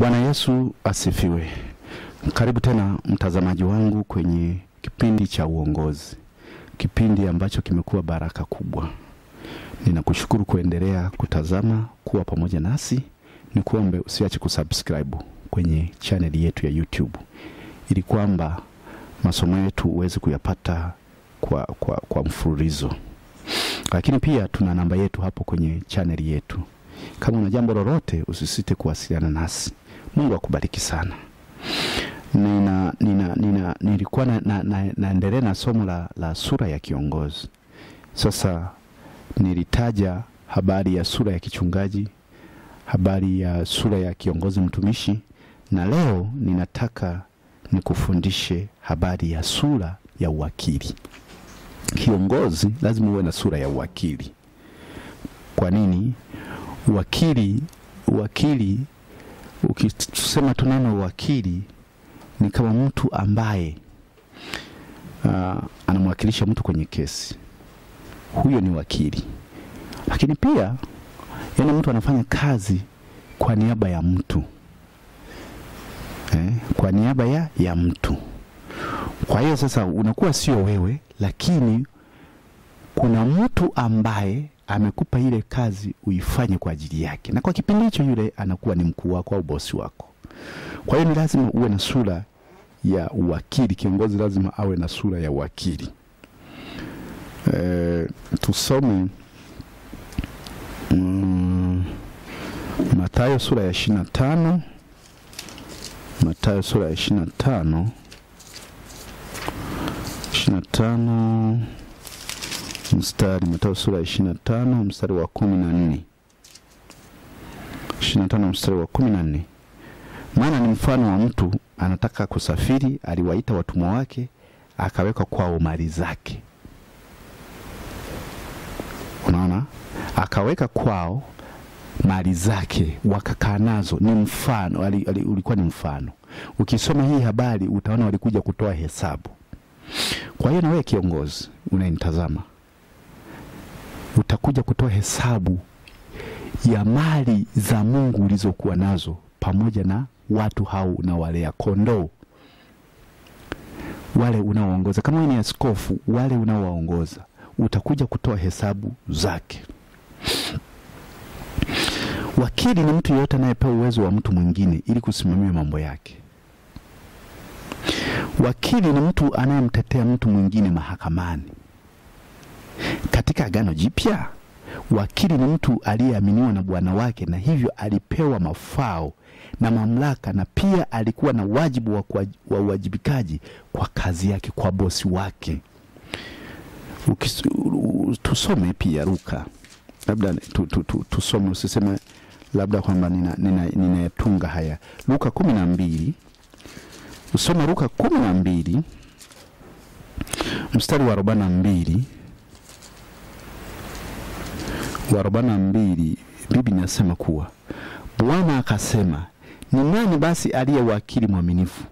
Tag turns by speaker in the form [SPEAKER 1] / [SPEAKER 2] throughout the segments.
[SPEAKER 1] Bwana Yesu asifiwe. Karibu tena mtazamaji wangu kwenye kipindi cha uongozi, kipindi ambacho kimekuwa baraka kubwa. Ninakushukuru kuendelea kutazama, kuwa pamoja nasi. Ni kuombe usiache kusubscribe kwenye chaneli yetu ya YouTube ili kwamba masomo yetu uweze kuyapata kwa, kwa, kwa mfululizo. Lakini pia tuna namba yetu hapo kwenye chaneli yetu. Kama una jambo lolote, usisite kuwasiliana nasi. Mungu akubariki sana. Nina, nina, nina, nilikuwa na, na, na, naendelea na somo la, la sura ya kiongozi. Sasa nilitaja habari ya sura ya kichungaji, habari ya sura ya kiongozi mtumishi, na leo ninataka nikufundishe habari ya sura ya uwakili. Kiongozi lazima uwe na sura ya uwakili. Kwa nini? Uwakili, uwakili ukisema tu neno wakili ni kama mtu ambaye uh, anamwakilisha mtu kwenye kesi, huyo ni wakili. Lakini pia yani mtu anafanya kazi kwa niaba ya mtu eh, kwa niaba ya, ya mtu. Kwa hiyo sasa unakuwa sio wewe, lakini kuna mtu ambaye amekupa ile kazi uifanye kwa ajili yake, na kwa kipindi hicho yule anakuwa ni mkuu wako au bosi wako. Kwa hiyo ni lazima uwe na sura ya uwakili. Kiongozi lazima awe na sura ya uwakili. E, tusome mm, Mathayo sura ya ishirini na tano Mathayo sura ya ishirini na tano ishirini na tano mstari Mathayo sura ya tano mstari wa kumi na nne ishirini na tano mstari wa kumi na nne maana ni mfano wa mtu anataka kusafiri, aliwaita watumwa wake, akaweka kwao mali zake. Unaona, akaweka kwao mali zake wakakaa nazo. Ni mfano ali, ali, ulikuwa ni mfano. Ukisoma hii habari utaona walikuja kutoa hesabu. Kwa hiyo na wewe kiongozi unayenitazama, utakuja kutoa hesabu ya mali za Mungu ulizokuwa nazo pamoja na watu hao unaowalea kondoo wale unaoongoza. Kama ni askofu, wale unaowaongoza utakuja kutoa hesabu zake. Wakili ni mtu yeyote anayepewa uwezo wa mtu mwingine ili kusimamia mambo yake. Wakili ni mtu anayemtetea mtu mwingine mahakamani. Katika Agano Jipya, wakili ni mtu aliyeaminiwa na bwana wake, na hivyo alipewa mafao na mamlaka, na pia alikuwa na wajibu wa, kwa, wa uwajibikaji kwa kazi yake kwa bosi wake. tusome pia Luka, labda tu, tu, tu, tusome, usiseme labda kwamba ninayatunga nina haya. Luka kumi na mbili usoma Luka kumi na mbili mstari wa arobaini na mbili wa arobaini na mbili Biblia inasema kuwa Bwana akasema, ni nani basi aliye wakili mwaminifu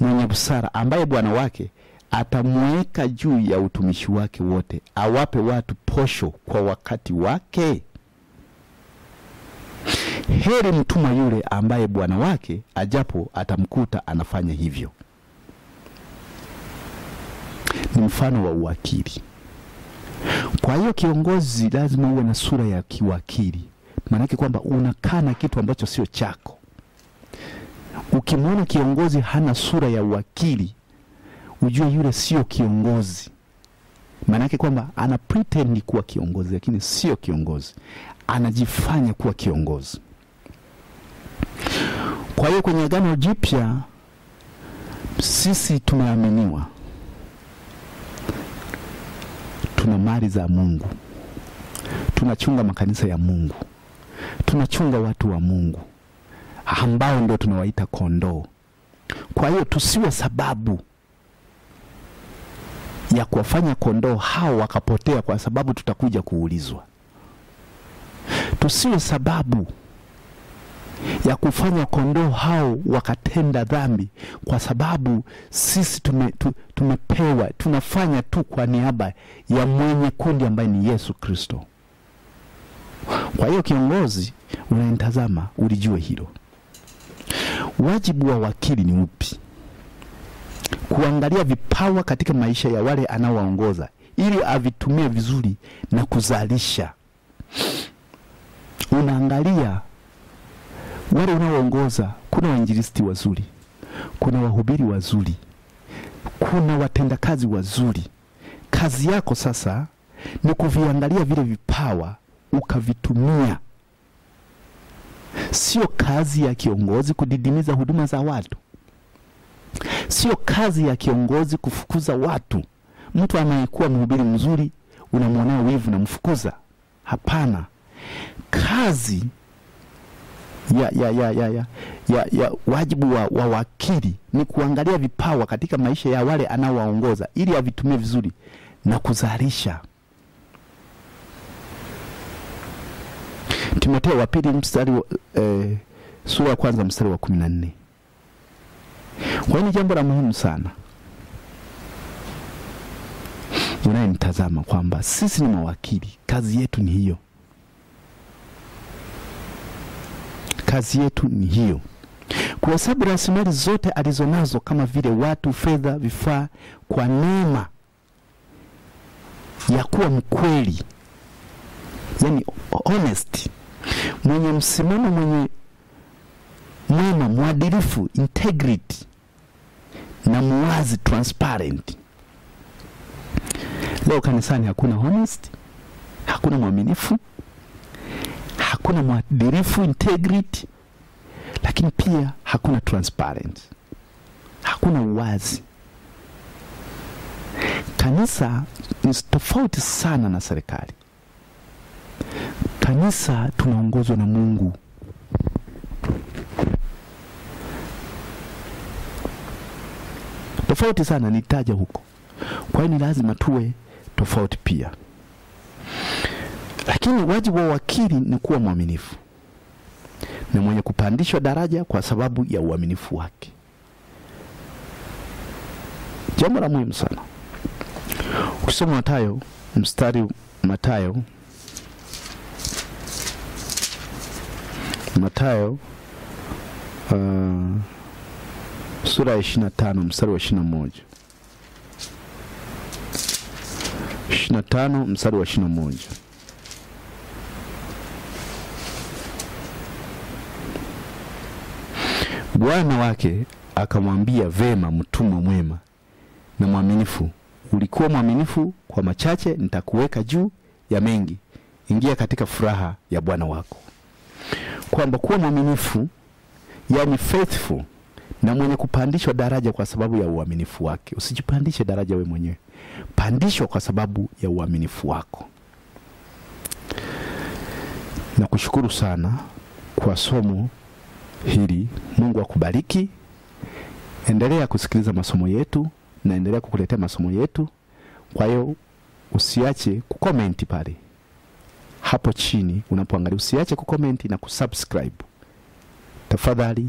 [SPEAKER 1] mwenye busara, ambaye bwana wake atamweka juu ya utumishi wake wote, awape watu posho kwa wakati wake? Heri mtumwa yule ambaye bwana wake ajapo atamkuta anafanya hivyo. Ni mfano wa uwakili. Kwa hiyo kiongozi lazima uwe na sura ya kiwakili, maanake kwamba unakaa na kitu ambacho sio chako. Ukimwona kiongozi hana sura ya uwakili, ujue yule sio kiongozi, maanake kwamba ana pretend kuwa kiongozi, lakini sio kiongozi, anajifanya kuwa kiongozi. Kwa hiyo kwenye Agano Jipya sisi tumeaminiwa tuna mali za Mungu, tunachunga makanisa ya Mungu, tunachunga watu wa Mungu ambao ndio tunawaita kondoo. Kwa hiyo tusiwe sababu ya kuwafanya kondoo hao wakapotea, kwa sababu tutakuja kuulizwa. Tusiwe sababu ya kufanya kondoo hao wakatenda dhambi, kwa sababu sisi tume, tu, tumepewa tunafanya tu kwa niaba ya mwenye kundi ambaye ni Yesu Kristo. Kwa hiyo kiongozi unayemtazama ulijue hilo. Wajibu wa wakili ni upi? Kuangalia vipawa katika maisha ya wale anaowaongoza ili avitumie vizuri na kuzalisha. Unaangalia wale unaoongoza, kuna wainjilisti wazuri, kuna wahubiri wazuri, kuna watendakazi wazuri. Kazi yako sasa ni kuviangalia vile vipawa ukavitumia. Sio kazi ya kiongozi kudidimiza huduma za watu, sio kazi ya kiongozi kufukuza watu. Mtu anayekuwa mhubiri mzuri unamwonea wivu, namfukuza. Hapana, kazi ya, ya, ya, ya, ya, ya, ya wajibu wa, wa wakili ni kuangalia vipawa katika maisha ya wale anaowaongoza ili avitumie vizuri na kuzalisha. Timotheo wa pili mstari wa, eh, sura ya kwanza mstari wa kumi na nne. Kwa hiyo ni jambo la muhimu sana unayenitazama kwamba sisi ni mawakili, kazi yetu ni hiyo. kazi yetu ni hiyo, kuhesabu rasilimali zote alizonazo kama vile watu, fedha, vifaa, kwa neema ya kuwa mkweli, yani honest, mwenye msimamo, mwenye mwema, mwadilifu, integrity na muwazi, transparent. Leo kanisani hakuna honest, hakuna mwaminifu hakuna mwadirifu integrity, lakini pia hakuna transparent, hakuna uwazi. Kanisa ni tofauti sana na serikali. Kanisa tunaongozwa na Mungu. Tofauti sana, nitaja huko. Kwa hiyo ni lazima tuwe tofauti pia. Lakini wajibu wa wakili ni kuwa mwaminifu na mwenye kupandishwa daraja kwa sababu ya uaminifu wake. Jambo la muhimu sana, ukisoma Mathayo mstari Mathayo Mathayo uh, sura ya 25 mstari wa 21 25 mstari wa moja Bwana wake akamwambia, vema, mtumwa mwema na mwaminifu, ulikuwa mwaminifu kwa machache, nitakuweka juu ya mengi, ingia katika furaha ya bwana wako. Kwamba kuwa mwaminifu, yani faithful, na mwenye kupandishwa daraja kwa sababu ya uaminifu wake. Usijipandishe daraja we mwenyewe, pandishwa kwa sababu ya uaminifu wako. Nakushukuru sana kwa somo hili. Mungu akubariki, endelea kusikiliza masomo yetu na endelea kukuletea masomo yetu. Kwa hiyo usiache kukomenti pale hapo chini unapoangalia, usiache kukomenti na kusubscribe tafadhali,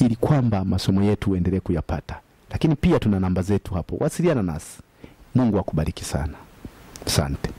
[SPEAKER 1] ili kwamba masomo yetu uendelee kuyapata. Lakini pia tuna namba zetu hapo, wasiliana nasi. Mungu akubariki sana, asante.